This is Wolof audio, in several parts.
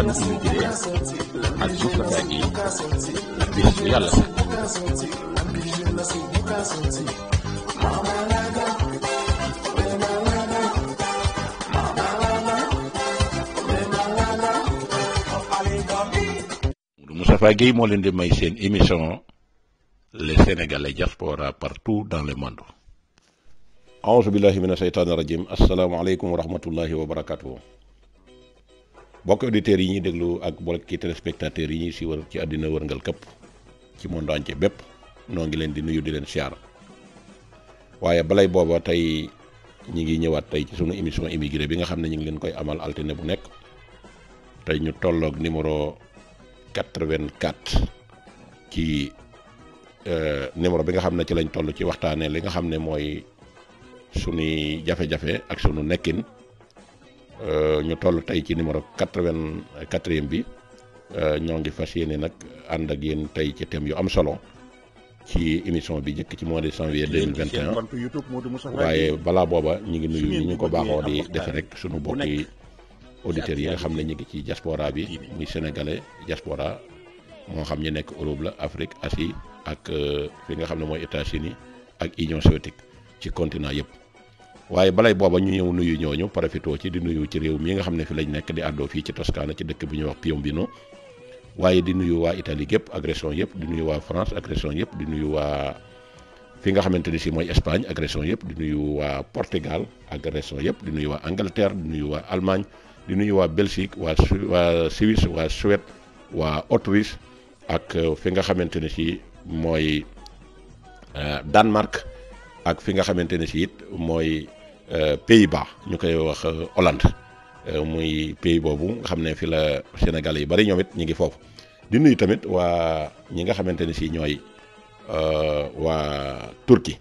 dara du dul moo leen di may seen émission les sénégalais diaspora partout dans le monde aouzu billahi mina sheytaani rajim asalaamaaleykum wa rahmatullahi wa barakatuhu bokk auditeurs yi ñuy déglu ak bokki téléspectateurs yi ñuy siiwar ci àddina wërngal këpp ci monde entier bépp noo ngi leen di nuyu di leen siyaar waaye balay booba tey ñi ngi ñëwaat tey ci sunu émission immigré bi nga xam ne ñu ngi leen koy amal altine bu nekk tey ñu tolloog numéro 84 ci euh, numéro bi nga xam ne ci lañ toll ci waxtaanee li nga xam ne mooy sunuy jafe-jafe ak sunu nekkin Euh, ñu toll tey ci numéro quatre-vingt-quatrième bi euh, ñoo ngi fas yéene nag ànd ak yéen tey ci thème yu am solo ci émission bi njëkk ci mois de janvier 2021 waaye balaa booba ñu ngi nuyu ni ñu ko baaxoo di defe rek suñu bokki auditeurs yi nga xam ne ñu ngi ci diaspora bi muy sénégalais diaspora moo xam ñu nekk Europe la Afrique Asie ak euh, fi nga xam ne mooy États-Unis ak Union soviétique ci continent yëpp waaye balay booba ñu ñëw nuyu ñooñu profitoo ci di nuyu ci réew mi nga xam ne fi lañ nekk di àddoo fii ci Toscana ci dëkk bu ñuy wax Piombino waaye di nuyu waa Italie gépp agression yëpp di nuyu waa France agression yëpp di nuyu waa fi nga xamante ni si mooy Espagne agression yëpp di nuyu waa Portugal agression yëpp di nuyu waa Angleterre di nuyu waa Allemagne di nuyu waa Belgique waa waa Suisse waa Suède waa Autriche ak euh, fi nga xamante ne si mooy euh, Danemark ak fi nga xamante ne si it mooy. Euh, pays ba ñu koy wax euh, Hollande euh, muy pays boobu nga xam ne fi la Sénégal yi bari ñoom it ñu ngi foofu di nuyu tamit waa ñi nga xamante ne si ñooy waa Turquie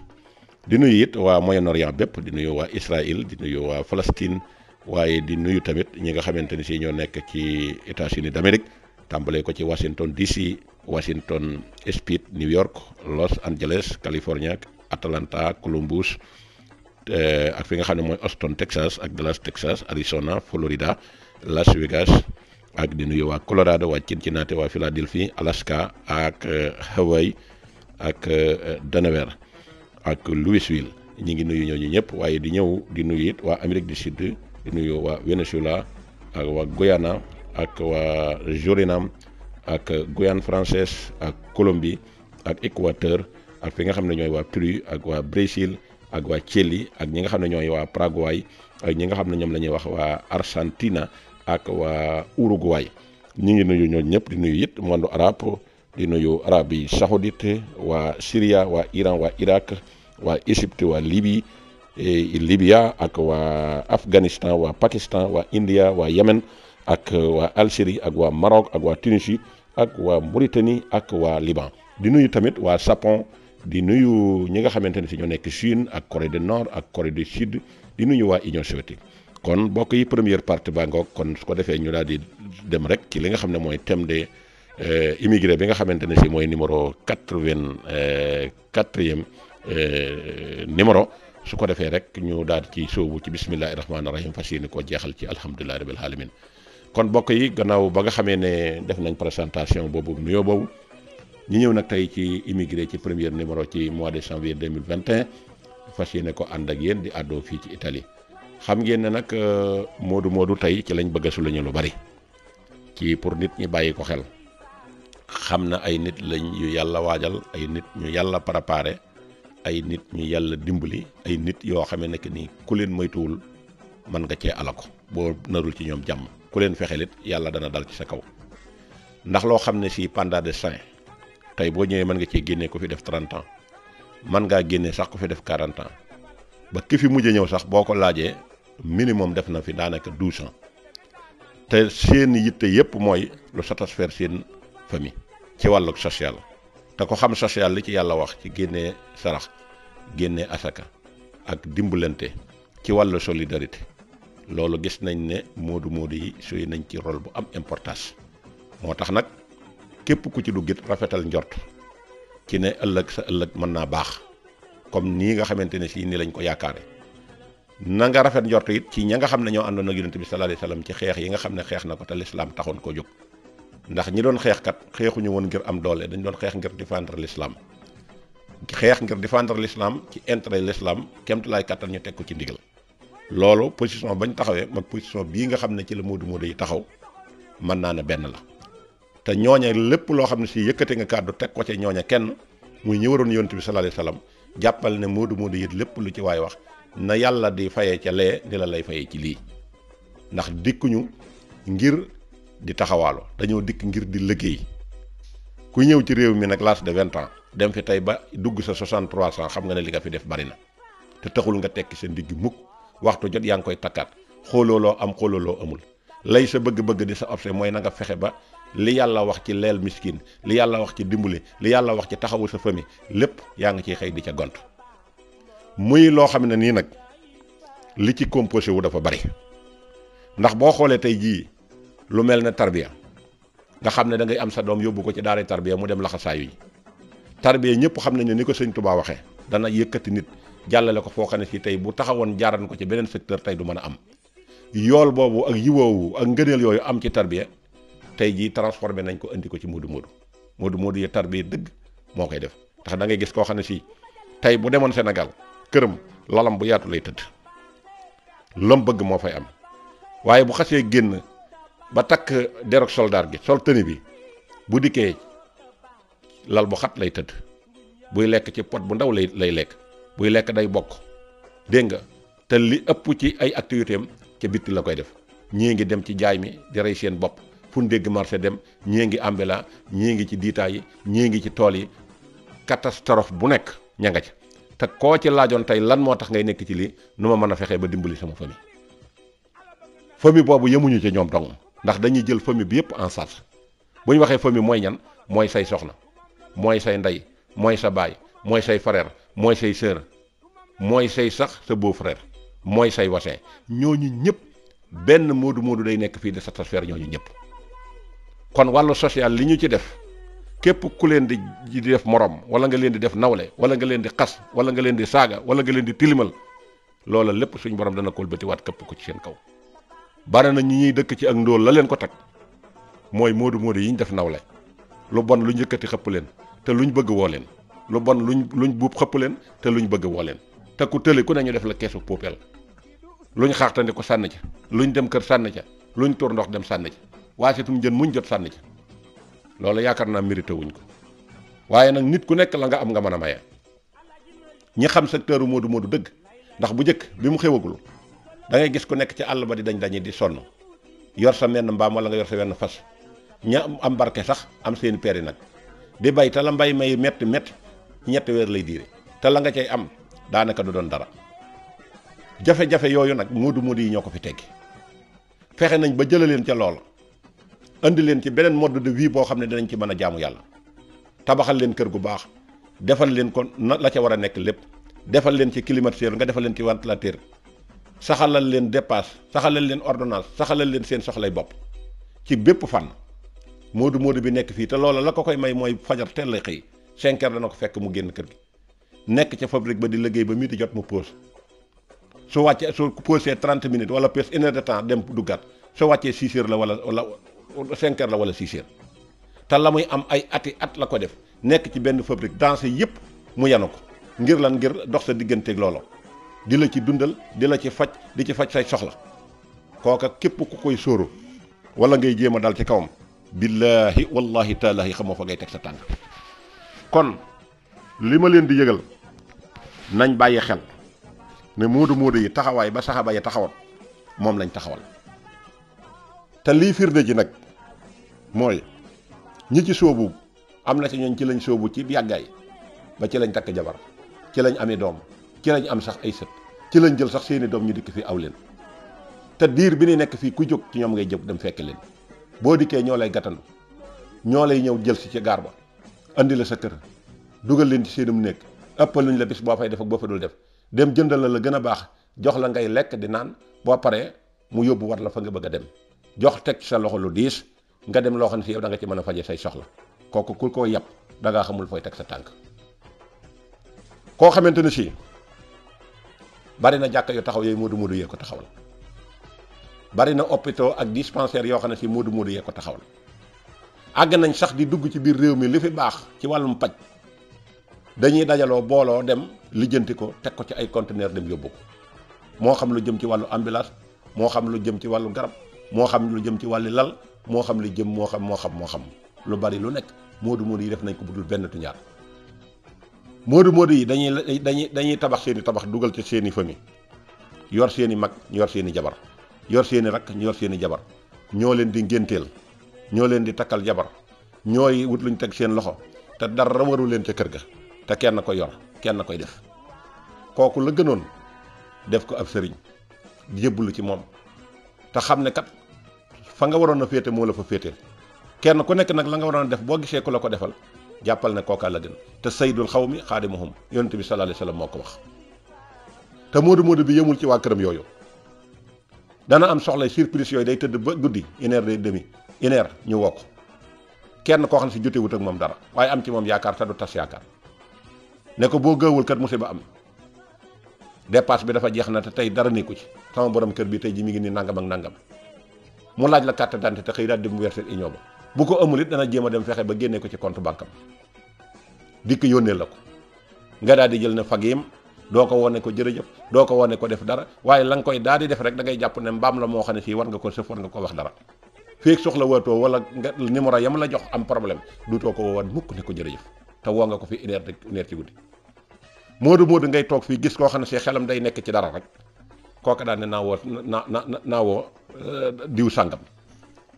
di nuyu it waa Moyen-Orient bépp di nuyu waa Israël di nuyu waa Palestine waaye di nuyu tamit ñi nga xamante ne si ñoo nekk ci États-Unis d'Amérique tàmbalee ko ci Washington DC Washington Speed New York Los Angeles California Atlanta Columbus. Eh, ak fi nga xam ne mooy Austin Texas ak Dallas Texas Arizona Florida Las Vegas ak di nuyu waa Colorado waa Cincinnati waa Philadelphie Alaska ak eh, Hawaii ak eh, Delaware ak Louisville ñi ngi nuyu ñooñu ñëpp waaye di ñëw di nuyu waa Amérique du Sud di nuyu waa Venezuela ak waa Guyana ak waa Suriname ak Guyane française ak Colombie ak Équateur ak fi nga xam ne ñooy waa Pérou ak waa Brésil ak waa Chili ak ñi nga xam ne ñooy waa Paraguay ak ñi nga xam ne ñoom la ñuy wax waa Argentina ak waa Uruguay ñu ngi nuyu ñooñu ñëpp di nuyu it monde arabe di nuyu Arabie Saoudite waa Syria waa Iran waa Irak waa Égypte waa Libye eh, Libya ak waa Afghanistan waa Pakistan waa India waa Yemen ak waa Algérie ak waa Maroc ak waa Tunisie ak waa Mauritanie ak waa Liban di nuyu tamit waa sapon di nuyu ñi nga xamante ne si ñoo nekk Chine ak Corée du Nord ak Corée du Sud di nuyu waa Union soviétique kon bokk yi première partie baa kon su ko defee ñu daal di dem rek ci li nga xam ne mooy thème de euh, immigré bi nga xamante ne si mooy numéro quatre-vingt-quatrième euh, numéro su ko defee rek ñu daal ci sóobu ci bismillahi rahmaani rahim fas yéene koo jeexal ci alhamdulillahi rabbil alamin kon bokk yi gannaaw ba nga xamee ne def nañ présentation boobu nuyoo boobu ñu ñëw nag tey ci immigré ci premier numéro ci mois de janvier 2021 fas yéene ko ànd ak yéen di àddoo fii ci Italie xam ngeen ne nag euh, moodu moodu tey ci lañ bëgg a sulañu lu bari ci pour nit ñi bàyyi ko xel xam na ay nit lañ yu yàlla waajal ay nit ñu yàlla préparé ay nit ñu yàlla dimbali ay nit yoo xamee ne que ni ku leen moytuwul mën nga cee ala ko boo narul ci ñoom jàmm ku leen fexelit yàlla dana dal ci sa kaw ndax loo xam ne si panda de saint tey boo ñëwee mën nga cee génnee ku fi def 30 ans mën ngaa génnee sax ku fi def 40 ans ba ki fi mujj ñëw sax boo ko laajee minimum def na fi daanaka 12 ans te seen yitte yépp mooy lu satisfaire seen famille ci wàllug social te ko xam social li ci yàlla wax ci génnee sarax génnee asaka ak dimbalante ci wàllu solidarité loolu gis nañ ne moodu moodu yi suy nañ ci rôle bu am importance moo tax nag képp ku ci duggit rafetal njort ci ne ëllëg sa ëllëg mën naa baax comme nii nga xamante ne sii ni lañ ko yaakaare na nga rafet njort it ci ña nga xam ne ñoo àndoon ak yonent bi sallallahu alayhi wasallam ci xeex yi nga xam ne xeex na ko te lislaam taxoon ko jóg ndax ñi doon xeexkat kat xeexuñu woon ngir am doole dañu doon xeex ngir défendre l'islam xeex ngir défendre l'islam ci intérêt l'islam kemtalaay kattan ñu teg ko ci ndigal loolu position bañ taxawee mag position bii nga xam ne ci la moodu moodu yi taxaw mën naa ne benn la te ñooñe lépp loo xam ne si yëkkate nga kàddu teg ko ca ñooñe kenn mu ñi waroon yonent bi sallallahu alayhi wasallam jàppal ne moodu moodu yit lépp lu ci waay wax na yàlla di fayee ca lee ni la lay fayee ci lii ndax dikkuñu ngir di taxawaalu dañoo dikk ngir di liggéey ku ñëw ci réew mi nag l'âge de vingt dem fi tey ba dugg sa 63 ans xam nga ne li nga fi def bari na te taxul nga tekki sa ndigg mukk waxtu jot yaa ngi koy takkaat xoolooloo am xoolooloo amul lay sa bëgg di sa obse mooy na fexe ba li yàlla wax ci leel miskin li yàlla wax ci dimbali li yàlla wax ci taxawu sa famille lépp yaa ngi ciy xëy di ca gont muy loo xam ne nii nag li ci composé wu dafa bari ndax boo xoolee tey jii lu mel ne tarbiya nga xam ne da ngay am sa doom yóbbu ko ci daara tarbiya mu dem laxasaayu yi tarbiya ñëpp xam nañ ne ni ko sëñ Tuubaa waxee dana yëkkati nit jàllale ko foo xam ne si tey bu taxawoon jaaran ko ci beneen secteur tey du mën a am yool boobu ak yiwoowu ak ngëneel yooyu am ci tarbiya tey jii transformé nañ ko indi ko ci moodu moodu moodu moodu yi tarbiya dëgg moo koy def ndax da ngay gis koo xam ne fii tey bu demoon senegal këram lalam bu yaatu lay tëdd lom bëgg moo fay am waaye bu xasee génn ba takk derog soldaar gi sol tëni bi bu dikkee lal bu xat lay tëdd buy lekk ci pot bu ndaw lay lay lekk buy lekk day bokk dégg nga te li ëpp ci ay activité am ca bitti la koy def ñii ngi dem ci jaay mi di rey seen bopp fu dégg marché dem ñii ngi ambila ñii ngi ci diitaay yi ñii ngi ci tool yi catastrophe bu nekk ña nga ca te koo ci laajoon tey lan moo tax ngay nekk ci lii nu ma mën a fexee ba dimbali sama famille famille boobu yëmuñu ci ñoom dong ndax dañuy jël famille bi yëpp en charge bu ñu waxee famille mooy ñan mooy say soxna mooy say ndey mooy sa baay mooy say frère mooy say sœur mooy say sax sa beau mooy say wasin ñu ñëpp benn moodu moodu day nekk fii de satisfaire ñooñu ñëpp kon wàllu social li ñu ci def képp ku leen di di def morom wala nga leen di def nawle wala nga leen di xas wala nga leen di saaga wala nga leen di tilimal loola lépp suñ borom dana kolbati waat képp ko ci seen kaw. bare na ñu ñuy dëkk ci ak ndóol la leen ko teg mooy moodu moodu yi ñu def nawle lu bon luñ yëkkati xëpp leen te lu ñu bëgg woo leen lu bon lu luñ buub xëpp leen te lu luñ bëgg woo leen te ku tële ku ne ñu def la keesu poubelle luñ xaaxtandi ko sànn ca luñ dem kër sànn ca luñ tur ndox dem sànn ca waasetum jën muñ jot sànni ca loolu yaakaar naa mérité wuñ ko waaye nag nit ku nekk la nga am nga mën a maye ñi xam secteur moodu moodu dëgg ndax bu njëkk bi mu xewagul dangay gis ku nekk ci àll ba di dañ dañi di sonn yor sa menn mbaam wala nga yor sa wenn fas ña am barke sax am seen peri nag di bay te la mbay may metti metti ñetti weer lay diire te la nga cay am daanaka du doon dara jafe-jafe yooyu nag moodu moodu yi ñoo ko fi teggi fexe nañ ba jëlaleen ca loola andi leen ci beneen mode de vie boo xam ne danañ ci mën a jaamu yàlla tabaxal leen kër gu baax defal leen ko na la ca war a nekk lépp defal leen ci climatiseur nga defal leen ci ventilateur saxalal leen dépasse saxalal leen ordonnance saxalal leen seen soxlay bopp ci bépp fànn moodu moodu bi nekk fii te loola la ko koy may mooy fajar teel lay xëy cinq heures dana ko fekk mu génn kër gi nekk ca fabrique ba di liggéey ba midi jot mu pause su wàccee su posé 30 minutes wala pause une de temps dem duggaat su wàccee 6 heures la wala wala cinq heures la wala six heures te la muy am ay ati at la ko def nekk ci benn fabrique danse yëpp mu yanu ko ngir lan ngir dox sa digganteeg loolo di la ci dundal di la ci faj di ci faj say soxla kooka képp ku koy sóoro wala ngay jéem a dal ci kawam billaahi wallahi taalaahi xamoo fa ngay teg sa tànk kon li ma leen di yëgal nañ bàyyi xel ne moodu moodu yi taxawaay ba saxaba yi taxawoon moom lañ taxawal te lii firnde ji nag mooy ñi ci sóobu am na si ñooñ ci lañ soobu ci yàggaay ba ci lañ takk jabar ci lañ amee doom ci lañ am sax ay sët ci lañ jël sax seeni doom ñu dikk fii aw leen te diir bi nuy nekk fii ku jóg ci ñoom ngay jëm dem fekk leen boo dikkee ñoo lay gàttandu ñoo lay ñëw jël si ci gaar ba andi la sa kër dugal leen ci seenum néeg ëppal luñ la bis boo fay def ak boo fa dul def dem jëndal la la gën a baax jox la ngay lekk di naan boo paree mu yóbbu war la fa nga bëgg a dem jox teg sa loxo lu diis nga dem loo xam ne si yow da nga ci mën a faje say soxla kooku ku ko yàpp da ngaa xamul fooy teg sa tànk koo xamante ne si bari na jàkka yu taxaw yooyu moodu moodu yee ko taxawal bari na hôpitaux ak dispensaire yoo xam ne si moodu moodu yee ko taxawal àgg nañ sax di dugg ci biir réew mi lu fi baax ci wàllum paj dañuy dajaloo booloo dem lijjanti ko teg ko ci ay conteneur dem yóbbu ko moo xam lu jëm ci wàllu ambulance moo xam lu jëm ci wàllu garab moo xam lu jëm ci wàlli lal moo xam lu jëm moo xam moo xam moo xam lu bari lu nekk moodu moodu yi def nañ ko budul benn tu ñaar moodu moodu yi dañuy dañuy dañuy tabax seen tabax dugal ci seeni i yor seen i mag ñu yor seen i jabar yor seen i rakk ñu yor seen i jabar ñoo leen di ngénteel ñoo leen di takkal jabar ñooy wut luñ teg seen loxo te dara waru leen ca kër ga te kenn ko yor kenn koy def kooku la gënoon def ko ab sëriñ jébbalu ci moom te xam ne kat fa nga waroon a féete moo la fa féeteel kenn ku nekk nag la nga waroon a def boo gisee ku la ko defal jàppal ne kookaa la gën te saydul xaw mi xaadimuhum yonent bi sallallahu alayhi wasallam moo ko wax te moodu moodu bi yemul ci waa këram yooyu dana am soxla surprise yooyu day tëdd ba guddi une heure et demi une ñu wokk kenn koo xam ne si jotewut ak moom dara waaye am ci moom yaakaar te du tas yaakaar ne ko boo gëwul kat musiba am dépasse bi dafa jeex na te tey dara nekku ci sama borom kër bi tey ji mi ngi ni nangam nangam mu laaj la carte dante te xëy daal dem verser union ba bu ko amul it dana jéem a dem fexe ba génne ko ci compte banque am dikk yónnee la ko nga daal di jël ne fagiim doo ko wone ko jërëjëf doo ko wone ko def dara waaye la nga koy daal di def rek dangay jàpp ne mbaam la moo xam ne si war nga ko sëf war nga ko wax dara feeg soxla wootoo wala nga numéro yam la jox am problème duutoo ko woowaat mukk ne ko jërëjëf te woo nga ko fi une heure une ci guddi moodu moodu ngay toog fii gis koo xam ne si xelam day nekk ci dara rek kooka daan ne naa na na naa woo euh, diw sàngam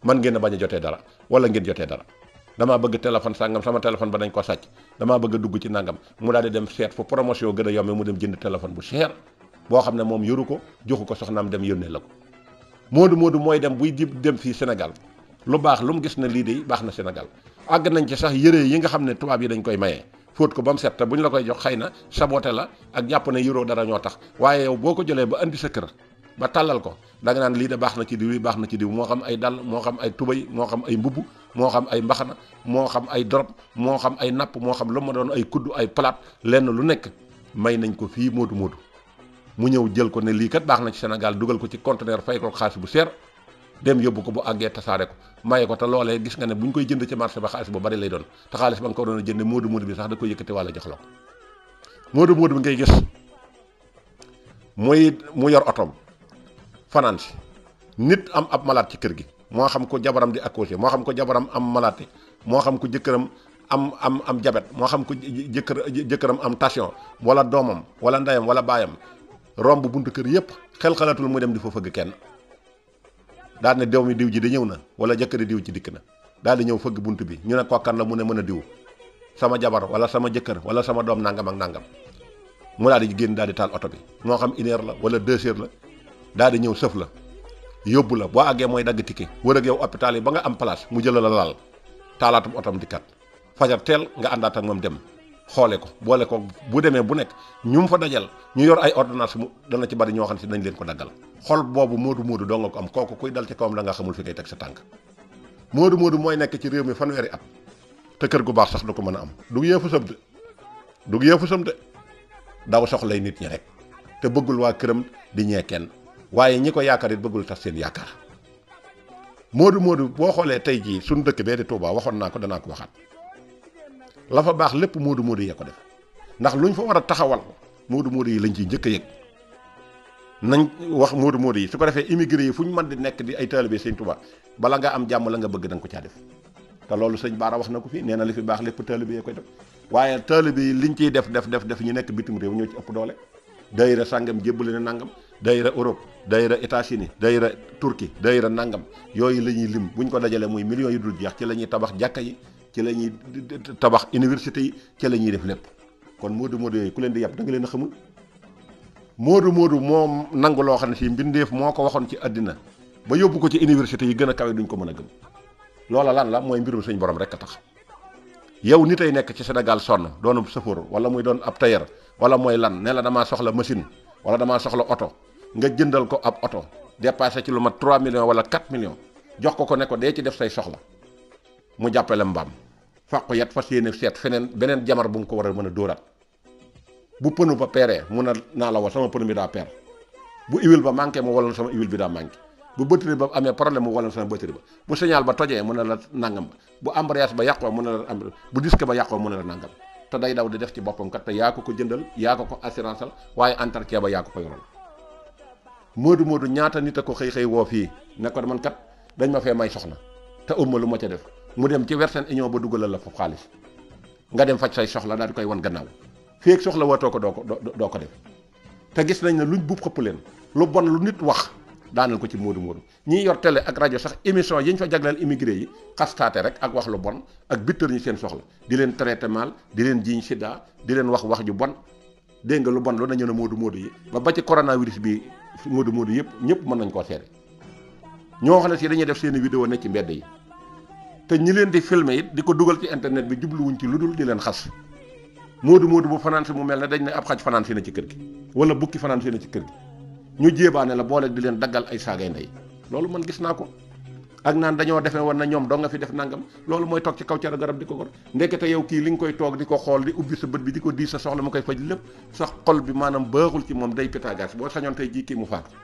man ngeen a bañ jotee dara wala ngeen jotee dara damaa bëgg téléphone sàngam sama téléphone ba dañ ko sàcc damaa bëgg dugg ci nangam mu daal di dem seet fu promotion gën a yombee mu dem jënd téléphone bu cher boo xam ne moom yoru ko joxu ko soxnaam dem yónnee la ko Moodu Moodu mooy dem buy di dem fii Sénégal lu baax lu mu gis ne lii de baax na senegal àgg nañ ci sax yëre yi nga xam ne tubaab yi dañ koy mayee fóot ko ba mu set te bu ñu la koy jox xëy na saboté la ak jàpp na yuroo dara ñoo tax waaye yow boo ko jëlee ba indi sa kër ba tàllal ko da nga lii de baax na ci diw lii baax na ci diw moo xam ay dàll moo xam ay tubay moo xam ay mbubb moo xam ay mbaxana moo xam ay drop moo xam ay napp moo xam lu ma doon ay kudd ay palaat lenn lu nekk may nañ ko fii mootu mootu mu ñëw jël ko ne lii kat baax na ci Sénégal dugal ko ci conteneur fay ko xaalis bu seer dem yóbbu ko bu àggee tasaare ko maye ko te loolee gis nga ne bu ñu koy jënd ci marché ba xaalis bu bari lay doon te xaalis ba nga ko doon a jënd moodu moodu bi sax da ko ngay gis muy mu yor otom fanaan si nit am ab malaat ci kër gi moo xam ko jabaram di accouché moo xam ko jabaram am malaate moo xam ko jëkkëram am am am jabet moo xam ko jëkkër jëkkëram am tension wala doomam wala ndeyam wala baayam romb buntu kër yépp xel xalatul mu dem di fa fëgg kenn daal ne doom mi diw ji di ñëw na wala jëkkëri diw ji dikk na daal di ñëw fëgg bunt bi ñu ne kokkan la mu ne mën a diw sama jabar wala sama jëkkër wala sama doom nangam ak nangam mu daal di génn daal taal oto bi moo xam une heure la wala deux heures la daal ñëw sëf la yóbbu la boo àggee mooy dagg ticket wër ak yow hôpital yi ba nga am place mu jëla la laal taalaatum otom dikkat fajar teel nga àndaat ak moom dem xoole ko boole ko bu demee bu nekk ñu mu fa dajal ñu yor ay ordonnance mu dana ci bari ñoo xam si dañ leen ko daggal xol boobu moodu moodu doo nga ko am kooku kuy dal ci kawam da nga xamul fi ngay teg sa tànk moodu moodu mooy nekk ci réew mi fan fanweeri at te kër gu baax sax du ko mën a am du yéefu sam de du yéefu sam de daw soxlay nit ñi rek te bëggul waa këram di ñee kenn waaye ñi ko yaakaar bëggul tax seen yaakaar moodu moodu boo xoolee tey jii suñu dëkk bee di Touba waxoon naa ko danaa ko waxaat la fa baax lépp moodu moodu yee ko def ndax luñ fa war a taxawal moodu moodu yi lañ ciy njëkk a nañ wax moodu moodu yi su ko defee immigré yi fu ñu mën di nekk di ay taalibe sëñ Tuubaa bala nga am jàmm la nga bëgg da ko caa def te loolu sëñ Baara wax na ko fi nee na li fi baax lépp taalibe yi koy def waaye taalibe yi liñ ciy def def def def ñu nekk bitim réew ñoo ci ëpp doole daayira sàngam jébbali na nangam daayira Europe daayira États-Unis daayira Turquie daayira nangam yooyu la ñuy lim bu ñu ko dajalee muy millions yu dul jeex ci la ñuy tabax jàkka yi ci la ñuy tabax université yi ci la ñuy def lépp kon moodu moodu yooyu ku leen di yàpp da nga leen a xamul Moodu Moodu moo nangu loo xam ne si mbindeef moo ko waxoon ci àddina ba yóbbu ko ci université yi gën a kawe duñ ko mën a gëm loola lan la mooy mbirum suñ borom rek a tax yow nit ay nekk ci Sénégal sonn doonub sëfoor wala muy doon ab tailleur wala mooy lan ne la damaa soxla machine wala damaa soxla oto nga jëndal ko ab oto dépassé ci lu mat 3 millions wala 4 millions jox ko ko ne ko dee ci def say soxla mu jàppale mbaam fàqu yat fas yéene seet feneen beneen jamar bu mu ko war a mën a dóoraat bu pënu ba peeree mun a naa la wal sama pënu bi daa peer bu huile ba manqué mu walal sama huile bi daa manqué bu batterie ba amee problème mu walal sama batterie ba bu signal ba tojee mun na la nangam bu embrayage ba yàqoo mun na la bu disque ba yàqoo mun a la nangam te day daw di def ci boppam kat te yaa ko ko jëndal yaa ko ko assurance la waaye entretien ba yaa ko ko yoral moodu moodu ñaata nit a ko xëy xëy woo fii ne ko man kat dañ ma fee may soxna te ëmma lu ma ca def mu dem ci Western Union ba dugalal la foofu xaalis nga dem faj say soxla daal di koy wan gannaaw fii ak soxla wootoo ko doo ko doo ko def te gis nañ ne luñ buub xëpp leen lu bon lu nit wax daaneel ko ci moodu moodu ñiy yor tele ak rajo sax émission yi ñu fa jagleel immigré yi xastaate rek ak wax lu bon ak bitteur ñi seen soxla di leen traité mal di leen jiiñ sida di leen wax wax ju bon dégg nga lu bon lu nañu ne moodu moodu yi ba ba ci coronavirus bi moodu moodu yëpp ñëpp mën nañ koo seere ñoo xam ne si dañuy def seen i vidéo ne ci mbedd yi te ñi leen di filmer it di ko dugal ci internet bi jubluwuñ ci lu dul di leen xas moodu moodu bu fanaan si mu mel ne dañ ne ab xaj fanaan si na ci kër gi wala bukki fanaan si na ci kër gi ñu jéebaane la boole di leen daggal ay saagay ndey loolu man gis naa ko ak naan dañoo defee woon na ñoom doo nga fi def nangam loolu mooy toog ci kaw cara garab di ko gor ndekete yow kii li nga koy toog di ko xool di ubbi sa bët bi di ko di sa soxla mu koy faj lépp sa xol bi maanaam baaxul ci moom day pétagas boo sañoon tey jii kii mu faatu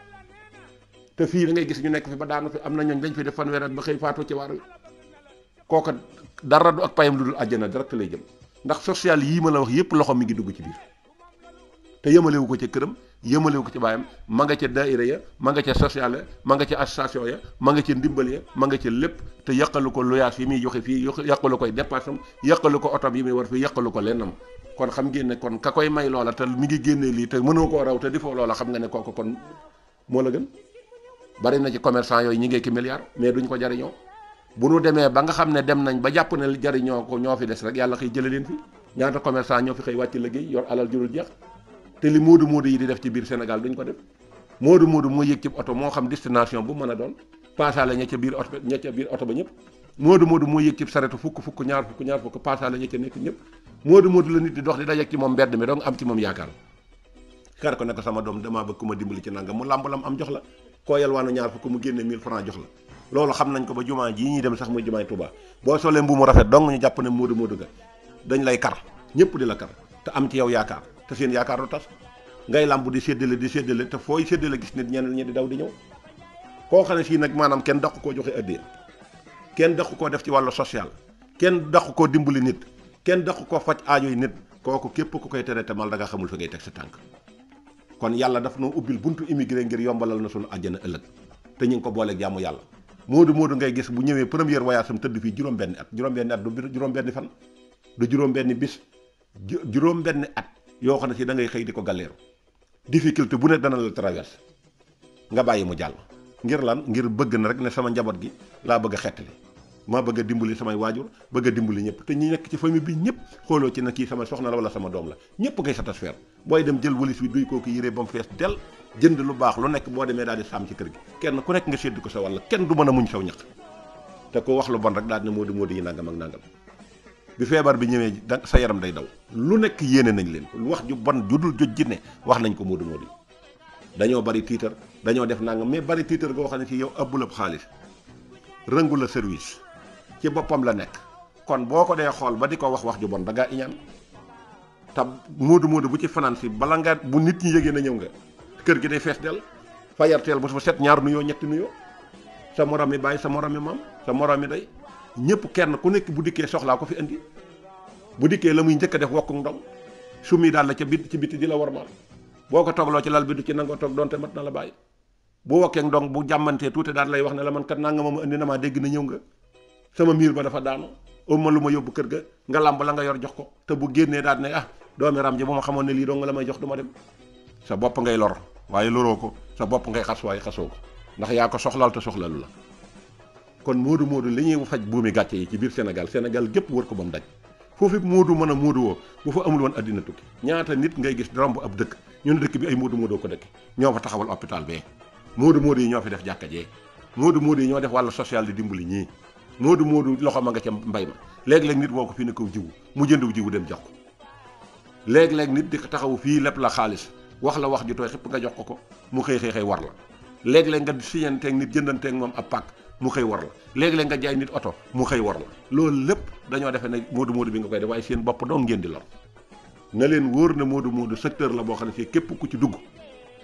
te fii da ngay gis ñu nekk fi ba daanu fi am na ñooñ fi def fanweer at ba xëy faatu ci kooka dara du ak payam lu dul àjjana direct lay jëm ndax sociale yii ma la wax yépp loxo mi ngi dugg ci biir te yëmalewu ko ca këram yëmalewu ko ci baayam ma nga ca daayira ya ma nga ca social ya ma nga ca association ya ma nga ca ndimbal ya ma nga ca lépp te yàqalu ko loyaas yi muy joxe fii yàqalu koy dépassam yàqalu ko otom yi muy war fii yàqalu ko lennam kon xam ngeen kon ka koy may loola te mi ngi génne lii te mënoo koo raw te defoo loola xam nga ne kooku kon moo la gën bari na ci commerçant yooyu ñi ngee ki mais duñ ko jariñoo bu nu demee ba nga xam ne dem nañ ba jàpp ne jariñoo ko ñoo fi des rek yàlla xëy jële leen fi ñaata commerçant ñoo fi xëy wàcc liggéey yor alal jurul jeex te li moodu moodu yi di def ci biir Sénégal duñ ko def moodu moodu moo yëg ci oto moo xam destination bu mën a doon paasaale ña ca biir oto oto ba ñëpp moo yëg ci saretu fukk fukk ñaar fukk ñaar fukk ña ca nekk ñëpp moodu moodu la nit di dox di dajeeg ci moom mbedd mi dong am ci moom yaakaar xar ko ne sama doom damaa bëgg ku ma dimbali ci nangam mu làmb lam am jox la koo yelwaanu ñaar fukk mu génne 1000 francs jox la loolu xam nañ ko ba jumaa jii ñuy dem sax muy jumaay Touba boo solee mbu mu rafet dong ñu jàpp ne moodu moodu ga dañ lay kar ñëpp di la kar te am ci yow yaakaar te seen yaakaar du tas ngay làmb di séddale di séddale te fooy séddale gis nit ñeneen ñi di daw di ñëw koo xam ne sii nag maanaam kenn dox koo joxe addiya kenn daqu koo def ci wàllu social kenn daqu koo dimbali nit kenn daqu koo faj aajo yi nit kooku képp ku koy tere te mal da nga xamul fi ngay teg sa tànk kon yàlla daf noo ubbil buntu immigré ngir yombalal na sunu àjjana ëllëg te ñu ngi ko booleeg jaamu yàlla Modou Modou ngay gis bu ñëwee première voyage am tëdd fii juróom-benn at juróom-benn at du juróom-benn fan du juróom benni bis juróom-benn at yoo xam ne si da ngay xëy di ko galeeru difficulté bu ne dana la traverse nga bàyyi mu jàll ngir lan ngir bëgg na rek ne sama njaboot gi laa bëgg a xettali maa bëgg a dimbali samay waajur bëgg a dimbali ñëpp te ñi nekk ci famille bi ñëpp xooloo ci na kii sama soxna la wala sama doom la ñëpp ngay satisfaire booy dem jël walis bi duy koo ko yëree ba mu fees del jënd lu baax lu nekk boo demee daal di sàmm ci kër gi kenn ku nekk nga séddu ko sa walla kenn du mën a muñ saw ñaq te ko wax lu ban rek daal ne moo di yi nangam ak nangam bi feebar bi ñëwee sa yaram day daw lu nekk yéene nañ leen wax ju bon ju dul joj ji wax nañ ko moodu moodu yi dañoo bari tiitar dañoo def nangam mais bari tiitar xam ne ci yow abbulab xaalis rëngu la service ci boppam la nekk kon boo ko dee xool ba di ko wax wax ju bon da ngaa iñaan te moodu moodu bu ci fanaan si bala nga bu nit ñi yëgee na ñëw nga kër gi day fees del fayarteel bu su fa set ñaar nuyoo ñetti nuyoo sa morom mi bàyyi sa morom mi maam sa morom mi day ñëpp kenn ku nekk bu dikkee soxlaa ko fi indi bu dikkee la muy njëkk a def wokku ndong su mi daal la ca bit ci biti di la war warmaal boo ko toogloo ci lal bi du ci nangoo toog donte mat na la bàyyi bu wokkee ndong bu jàmmantee tuuti daal lay wax ne la man kat nangama indi na dégg na ñëw nga sama miir ba dafa daanu au ma lu ma yóbbu kër ga nga làmb la nga yor jox ko te bu génnee daat ne ah doomi ram ji bu ma xamoon ne lii doo nga la may jox du ma dem sa bopp ngay lor waaye loroo ko sa bopp ngay xas waaye xasoo ko ndax yaa ko soxlaal te soxlaalu la kon moodu moodu li ñuy faj buumi gàcce yi ci biir Sénégal Sénégal gépp wër ko ba mu daj foofu moodu mën a muudu woo bu fa amul woon àddina tukki ñaata nit ngay gis bu ab dëkk ñun dëkk bi ay moodu moodoo ko dëkk ñoo fa taxawal hôpital bee moodu moodu yi ñoo fi def jàkka jee moodu moodu yi ñoo def wàllu social di dimbali ñii moodu moodu loxo ma nga ca mbay ma léeg-léeg nit woo ko fii ne ko jiwu mu jëndu jiwu dem jox ko léeg-léeg nit di ko taxaw fii lépp la xaalis wax la wax ju tooy xëpp nga jox ko ko mu xëy xëy xëy war la léeg-léeg nga siñanteeg nit jëndanteeg moom ab pàkk mu xëy war la léeg-léeg nga jaay nit oto mu xëy war la loolu lépp dañoo defee ne moodu moodu bi nga koy def waaye seen bopp doon ngeen di lor na leen wóor na moodu moodu secteur la boo xam ne fii képp ku ci dugg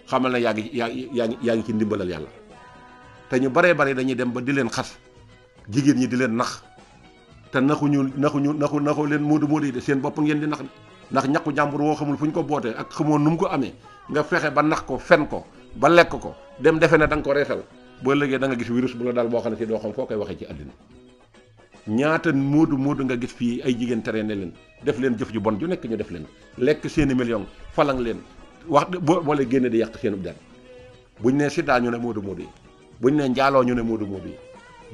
xamal na yaa ngi yaa ngi yaa ngi ci ndimbalal yàlla te ñu baree bare dañuy dem ba di leen xas jigéen ñi di leen nax te naxu naxuñu naxu naxu leen muudu moodu yi de seen bopp ngeen di nax de ndax ñaqu jàmbur woo xamul fu ñu ko bootee ak xamoo nu mu ko amee nga fexe ba nax ko fen ko ba lekk ko dem defe na da nga ko reesal boo léegee da nga gis virus bu la daal boo xam ne si doo xam foo koy waxee ci àddina ñaata moodu muudu nga gis fii ay jigéen tere ne leen def leen jëf ju bon ju nekk ñu def leen lekk seeni million falang leen wax boo boole génne di yàq seenub der buñ ne sida ñu ne moodu moodu yi buñ ne njaaloo ñu ne moodu moodu yi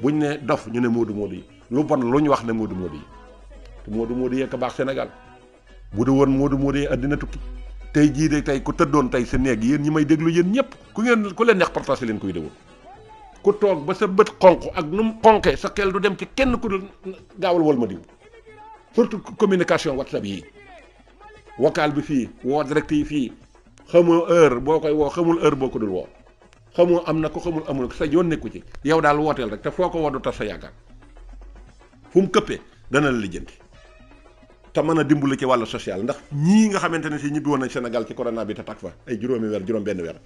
bu buñ ne dof ñu ne moodu moodu yi lu bon lu ñu wax ne moo moodu moodu yi moo moodu moodu yee ko baax senegal bu du woon moodu moodu yi àddina tukki tey jii de tey ku tëddoon tey sa néeg yéen ñi may déglu yéen ñëpp ku ngeen ku leen neex partagé leen koy déwoo ku toog ba sa bët xonq ak nu mu sa xel du dem ci kenn ku dul gaawal wal ma diw surtout communication whatsapp yi wokaal bi fii woo direct yi fii xamoo heure boo koy woo xamul heure boo ko dul woo xamoo am na ko xamul amul sa yoon nekku ci yow daal wooteel rek te foo ko woo du tas sa yaakaar fu mu këppee dana la lijjanti te mën a dimbali ci wàllu social ndax ñii nga xamante ne si ñibbi woon nañ senegal ci corona bi te takk fa ay juróomi weer juróom benn weer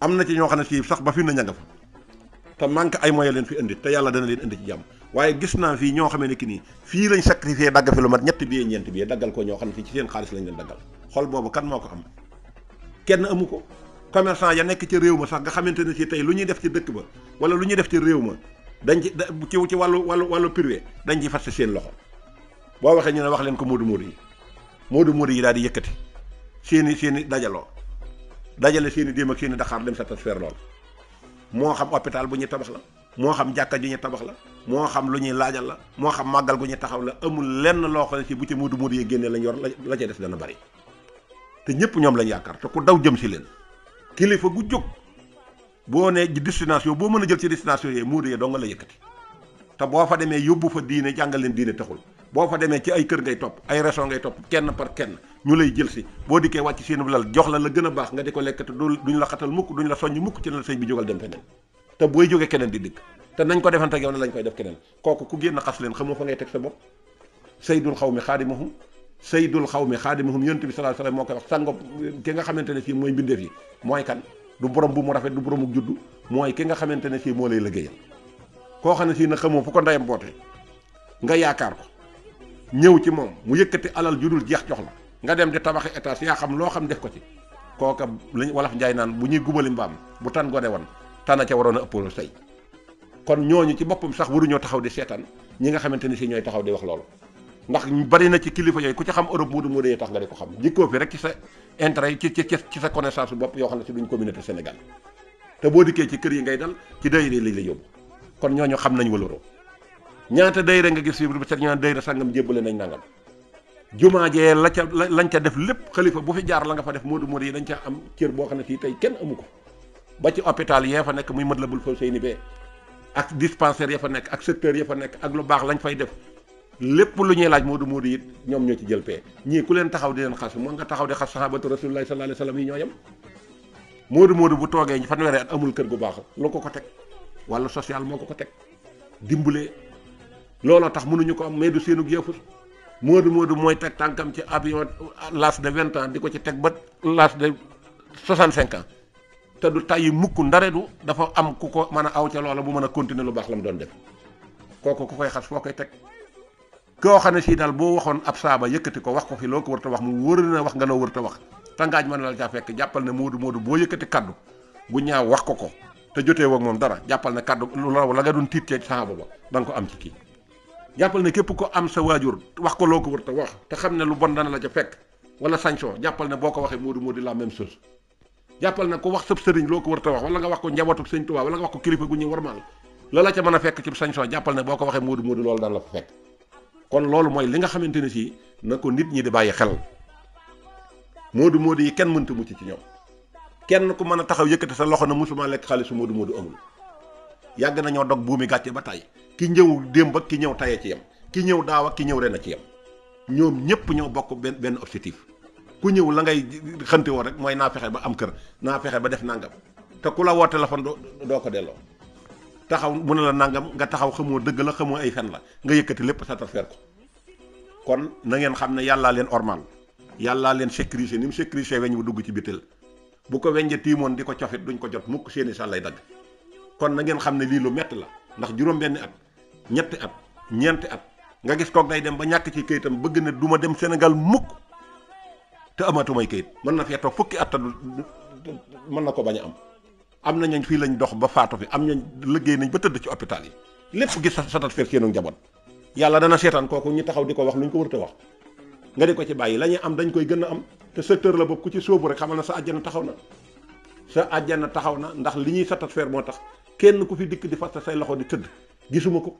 am na ci ñoo xam ne si sax ba fi na ña nga fa te manque ay moyens leen fi indi te yàlla dana leen indi ci jàmm waaye gis naa fii ñoo xamee ne ki nii fii lañ sacrifié dagg fi lu mat ñetti biyee ñeenti biyee daggal ko ñoo xam ne si ci seen xaalis lañ leen daggal xol boobu kan moo ko am kenn amu ko commerçant ya nekk ci réew ma sax nga xamante ne si tey lu ñuy def ci dëkk ba wala lu ñuy def ci réew ma dañ ci ci ci wàllu wàllu wàllu privé dañ ci fas seen loxo boo waxee ñu ne wax leen ko moodu moodu yi moodu moodu yi daal di yëkkati seen i dajaloo dajale seen i déem ak seen i daxaar dem satisfaire lool moo xam hôpital bu ñu tabax la moo xam jàkka ju ñu tabax la moo xam lu ñuy laajal la moo xam màggal gu ñu taxaw la amul lenn loo xam ne si bu ci moodu moodu yi génne lañ yor la ca des dana bari te ñëpp ñoom lañ yaakaar daw jëm si leen kilifa gu jóg boo nee destination boo mën a jël ci destination yooyu muur yee doo nga la yëkkati te boo fa demee yóbbu fa diine jàngal leen diine taxul boo fa demee ci ay kër ngay topp ay région ngay topp kenn par kenn ñu lay jël si boo dikkee wàcc seen lal jox la la gën a baax nga di ko lekk te duñ la xatal mukk duñ la soññ mukk ci la sëñ bi jógal dem feneen te booy jógee keneen di dikk te nañ ko defante ak yow lañ koy def keneen kooku ku génn xas leen xamoo fa ngay teg sa bopp saydul xaw mi xaadimahum sayyidul xawmi xaadimuhum yonent bi sallallahu alayhi wasallam moo koy wax sangob ki nga xamante ne sii mooy mbindeef yi mooy kan du borom bu mu rafet du boromuk juddu mooy ki nga xamante ne sii moo lay liggéeyal koo xam ne sii na xamoo fu ko ndeyam bootee nga yaakaar ko ñëw ci moom mu yëkkati alal judul jeex jox la nga dem di tabaxi étage yaa xam loo xam def ko ci kooka lañ walaf njaay naan bu ñuy gubali mbaam bu tan gone woon tànn ca waroon a ëpp say kon ñooñu ci boppam sax waruñoo taxaw di seetaan ñi nga xamante ne si ñooy taxaw di wax loolu ndax bari na ci kilifa yooyu ku ci xam Europe muudu muudu yee tax nga di ko xam jikkoo fi rek ci sa yi ci ci ci sa connaissance bopp yoo xam ne si duñ communauté Sénégal te boo dikkee ci kër yi ngay dal ci dayre lañ la yóbbu kon ñu xam nañ waloroo ñaata dayre nga gis yëpp ñu naan dayre sangam jébbale nañ nangam jumaa jee la ca lañ ca def lépp xalifa bu fi jaar la nga fa def muudu muudu yi dañ ca am cër boo xam ne si tey kenn amu ko ba ci hôpital yee fa nekk muy mët la bul fa sëy ni bee ak dispensaire ya fa nekk ak secteur ya fa nekk ak lu baax lañ fay def lépp lu ñuy laaj moodu moodu it ñoom ñoo ci jël pee ñii ku leen taxaw di leen xas moo nga taxaw di xas sahabatu rasulullah sallallahu alayhi wasallam yi ñoo yem moodu moodu bu toogee fanweeri at amul kër gu baax lu ko ko teg wala social moo ko ko teg dimbalee looloo tax mënuñu ko am mais du seenug yëfus moodu moodu mooy teg tànkam ci avion l'âge de vingt ans di ko ci teg ba l'âge de soixante cinq te du tàyyi mukk ndare du dafa am ku ko mën a aw ca loola bu mën a continuer lu baax la mu doon def kooku ku koy xas foo koy teg koo xam ne sii daal boo waxoon ab saaba yëkkati ko wax ko fi loo ko wër ta wax mu wër na wax nga loo wër ta wax tàngaaj mën na la caa fekk jàppal ne moodu wax ko ko te jotee woog moom dara jàppal ne kaddu lu la nga doon tiit ci saaba ba da nga ko am ci kii jàppal ne képp ko am sa waajur wax loo ko wër te xam ne lu bon dana la ca fekk wala sañsoo jàppal ne boo ko waxee wax sab sëriñ ko wax wala nga wax ko njabootu sëñ Tuubaa wala nga wax ko kilifa gu ñuy warmaal loola ca mën a boo ko waxee moodu loolu daan la fa fekk kon loolu mooy li nga xamante ne sii na ko nit ñi di bàyyi xel moodu moodu yi kenn mënta mucc ci ñoom kenn ku mën a taxaw yëkkati sa loxo na musuma lekk xaalisu moodu moodu amul yàgg nañoo dog buumi gàcce ba tey ki ñëw démb ak ki ñëw tayee ci yem ki ñëw daaw ak ki ñëw ren a ci yem ñoom ñëpp ñoo bokk benn benn objectif ku ñëw la ngay xante woo rek mooy naa fexe ba am kër naa fexe ba def nangam te ku la woo téléphone doo ko delloo taxaw mu ne la nangam nga taxaw xamoo dëgg la xamoo ay fen la nga yëkkati lépp satisfaire ko kon na ngeen xam ne yàllaa leen ormal yàllaa leen sécuriser ni mu sécuriser weñ bu dugg ci bitel bu ko weñ ja tiimoon di ko cofit duñ ko jot mukk seeni sàll lay dagg kon na ngeen xam ne lii lu metti la ndax juróom-benni at ñetti at ñeenti at nga gis kook day dem ba ñàkk ci kayitam bëgg ne du ma dem Sénégal mukk te amatumay kayit mën na fee fukki at mën na ko bañ a am am na ñañ fii lañ dox ba faatu fi am ñañ liggéey nañ ba tëdd ci hôpital yi lépp gi satisfaire seenu njaboot yàlla dana seetaan kooku ñu taxaw di ko wax lu ñu ko wërte wax nga di ko ci bàyyi la ñuy am dañ koy gën a am te secteur la boobu ku ci sóobu rek xamal na sa àjjana taxaw na sa àjjana taxaw na ndax li ñuy satisfaire moo tax kenn ku fi dikk di fas say loxo di tëdd gisuma ko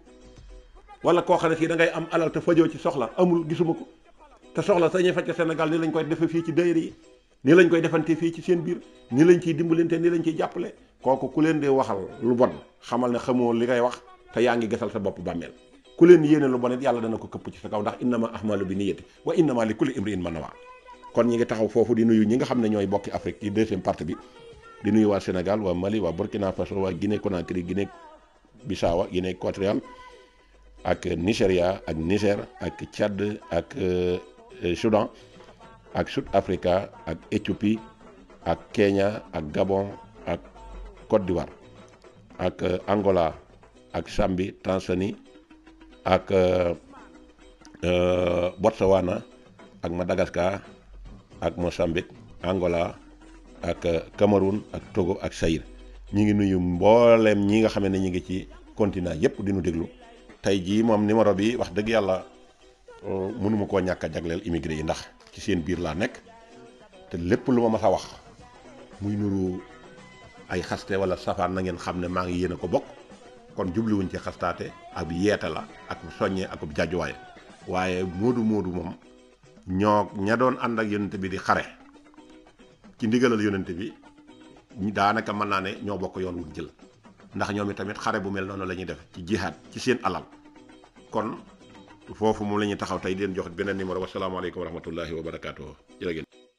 wala koo xam ne si da ngay am alal te fajoo ci soxla amul gisuma ko te soxla sañuy faj Sénégal ni lañ koy defee fii ci dayri yi nii lañ koy defante fii ci seen biir nii lañ ciy dimbalante nii lañ ciy jàppale kooku ku leen di waxal lu bon xamal ne xamoo li ngay wax te yaa ngi gasal sa bopp bàmmeel ku leen yéene lu bon it yàlla dana ko këpp ci sa kaw ndax innama ahmalu bi niyati wa innama li kulli imriin ma nawa kon ñi ngi taxaw foofu di nuyu ñi nga xam ne ñooy bokki Afrique ci deuxième partie bi di nuyu waa Sénégal waa Mali waa Burkina Faso waa Guinée Conakry Guinée Bissau Guinée Équatoriale ak Nigéria ak Niger ak Tchad ak euh, Soudan ak South Africa ak Éthiopie ak Kenya ak Gabon ak Côte d'Ivoire ak euh, Angola ak Zambie Tanzanie ak euh, euh, Botswana ak madagaska ak Mozambique Angola ak Cameroun ak Togo ak Zaïre ñi ngi nuyu mbooleem ñi nga xam ne ñi ngi ci continant yépp di déglu tey jii moom numéro bi wax dëgg yàlla mënuma koo ñàkk a jagleel immigré yi ndax ci seen biir laa nekk te lépp lu ma mas a wax muy nuru ay xaste wala safaan na ngeen xam ne maa ngi yéen ko bokk kon jubliwuñ ci xastaate ak yeete la ak soññe ak jajuwaay waaye moodu moodu moom ñoo ña doon ànd ak yonent bi di xare ci ndigalal yonent bi daanaka mën naa ne ñoo bokk yoon wuñ jël ndax ñoom itamit xare bu mel noonu la def ci jihaad ci seen alal kon foofu moom la ñuy taxaw tey di jox beneen numéro wasalaamaaleykum wa rahmatullahi wa barakaatu jërëjëf